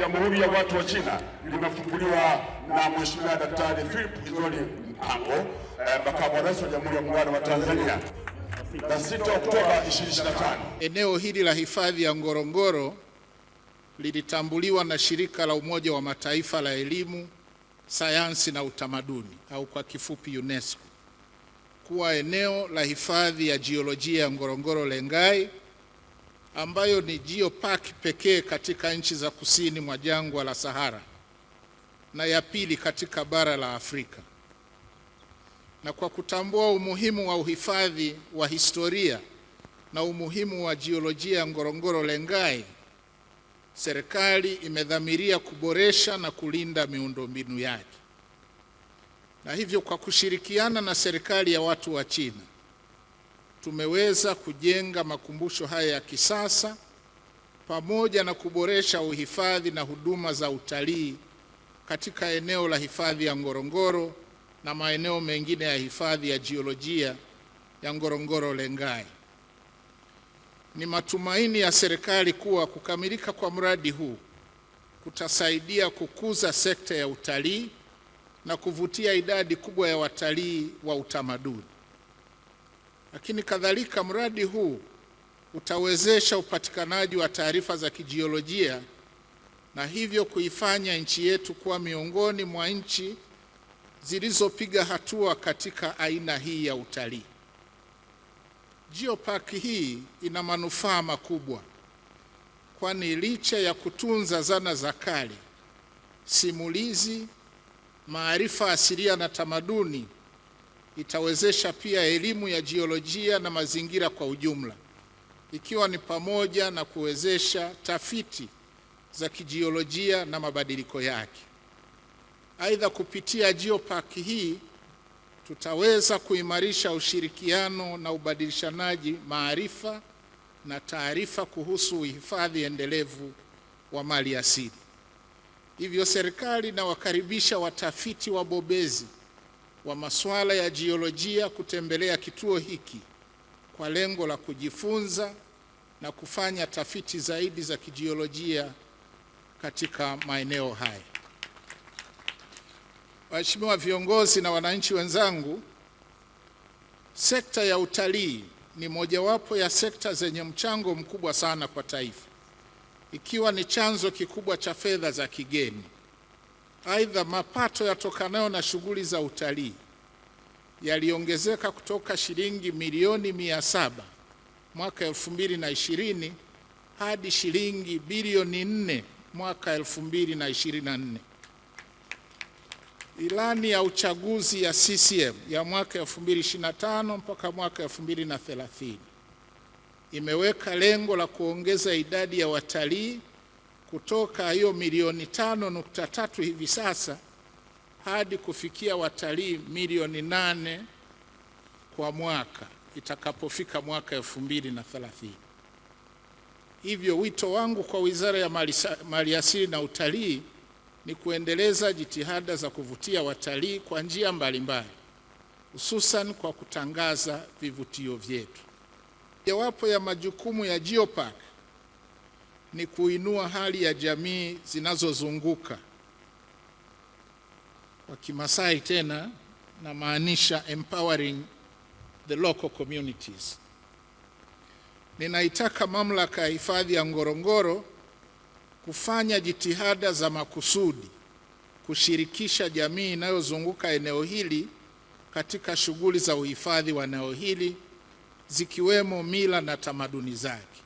Jamhuri ya Watu wa China limefunguliwa na Mheshimiwa Daktari Philip Isoli Mpango, eh, makamu wa rais wa Jamhuri ya Muungano wa Tanzania, na 6 Oktoba 2025. Eneo hili la hifadhi ya Ngorongoro lilitambuliwa na shirika la Umoja wa Mataifa la elimu, sayansi na utamaduni au kwa kifupi UNESCO kuwa eneo la hifadhi ya jiolojia ya Ngorongoro Lengai ambayo ni geopark pekee katika nchi za kusini mwa jangwa la Sahara na ya pili katika bara la Afrika. Na kwa kutambua umuhimu wa uhifadhi wa historia na umuhimu wa jiolojia ya Ngorongoro Lengai, serikali imedhamiria kuboresha na kulinda miundombinu yake na hivyo kwa kushirikiana na serikali ya watu wa China tumeweza kujenga makumbusho haya ya kisasa pamoja na kuboresha uhifadhi na huduma za utalii katika eneo la hifadhi ya Ngorongoro na maeneo mengine ya hifadhi ya jiolojia ya Ngorongoro Lengai. Ni matumaini ya serikali kuwa kukamilika kwa mradi huu kutasaidia kukuza sekta ya utalii na kuvutia idadi kubwa ya watalii wa utamaduni. Lakini kadhalika, mradi huu utawezesha upatikanaji wa taarifa za kijiolojia na hivyo kuifanya nchi yetu kuwa miongoni mwa nchi zilizopiga hatua katika aina hii ya utalii. Geopark hii ina manufaa makubwa, kwani licha ya kutunza zana za kale, simulizi maarifa asilia na tamaduni itawezesha pia elimu ya jiolojia na mazingira kwa ujumla, ikiwa ni pamoja na kuwezesha tafiti za kijiolojia na mabadiliko yake. Aidha, kupitia geopark hii tutaweza kuimarisha ushirikiano na ubadilishanaji maarifa na taarifa kuhusu uhifadhi endelevu wa mali asili. Hivyo serikali inawakaribisha watafiti wabobezi wa masuala ya jiolojia kutembelea kituo hiki kwa lengo la kujifunza na kufanya tafiti zaidi za kijiolojia katika maeneo haya. Waheshimiwa viongozi na wananchi wenzangu, sekta ya utalii ni mojawapo ya sekta zenye mchango mkubwa sana kwa taifa ikiwa ni chanzo kikubwa cha fedha za kigeni. Aidha, mapato yatokanayo na shughuli za utalii yaliongezeka kutoka shilingi milioni mia saba mwaka ishirini hadi shilingi bilioni 4 mwaka nne. Ilani ya uchaguzi ya CCM ya mwaka tano mpaka mwaka thelathini imeweka lengo la kuongeza idadi ya watalii kutoka hiyo milioni tano nukta tatu hivi sasa hadi kufikia watalii milioni nane kwa mwaka itakapofika mwaka elfu mbili na thelathini. Hivyo wito wangu kwa Wizara ya Maliasili na Utalii ni kuendeleza jitihada za kuvutia watalii kwa njia mbalimbali, hususan kwa kutangaza vivutio vyetu. Mojawapo ya majukumu ya Geopark ni kuinua hali ya jamii zinazozunguka kwa Kimasai, tena na maanisha empowering the local communities. Ninaitaka mamlaka ya hifadhi ya Ngorongoro kufanya jitihada za makusudi kushirikisha jamii inayozunguka eneo hili katika shughuli za uhifadhi wa eneo hili zikiwemo mila na tamaduni zake.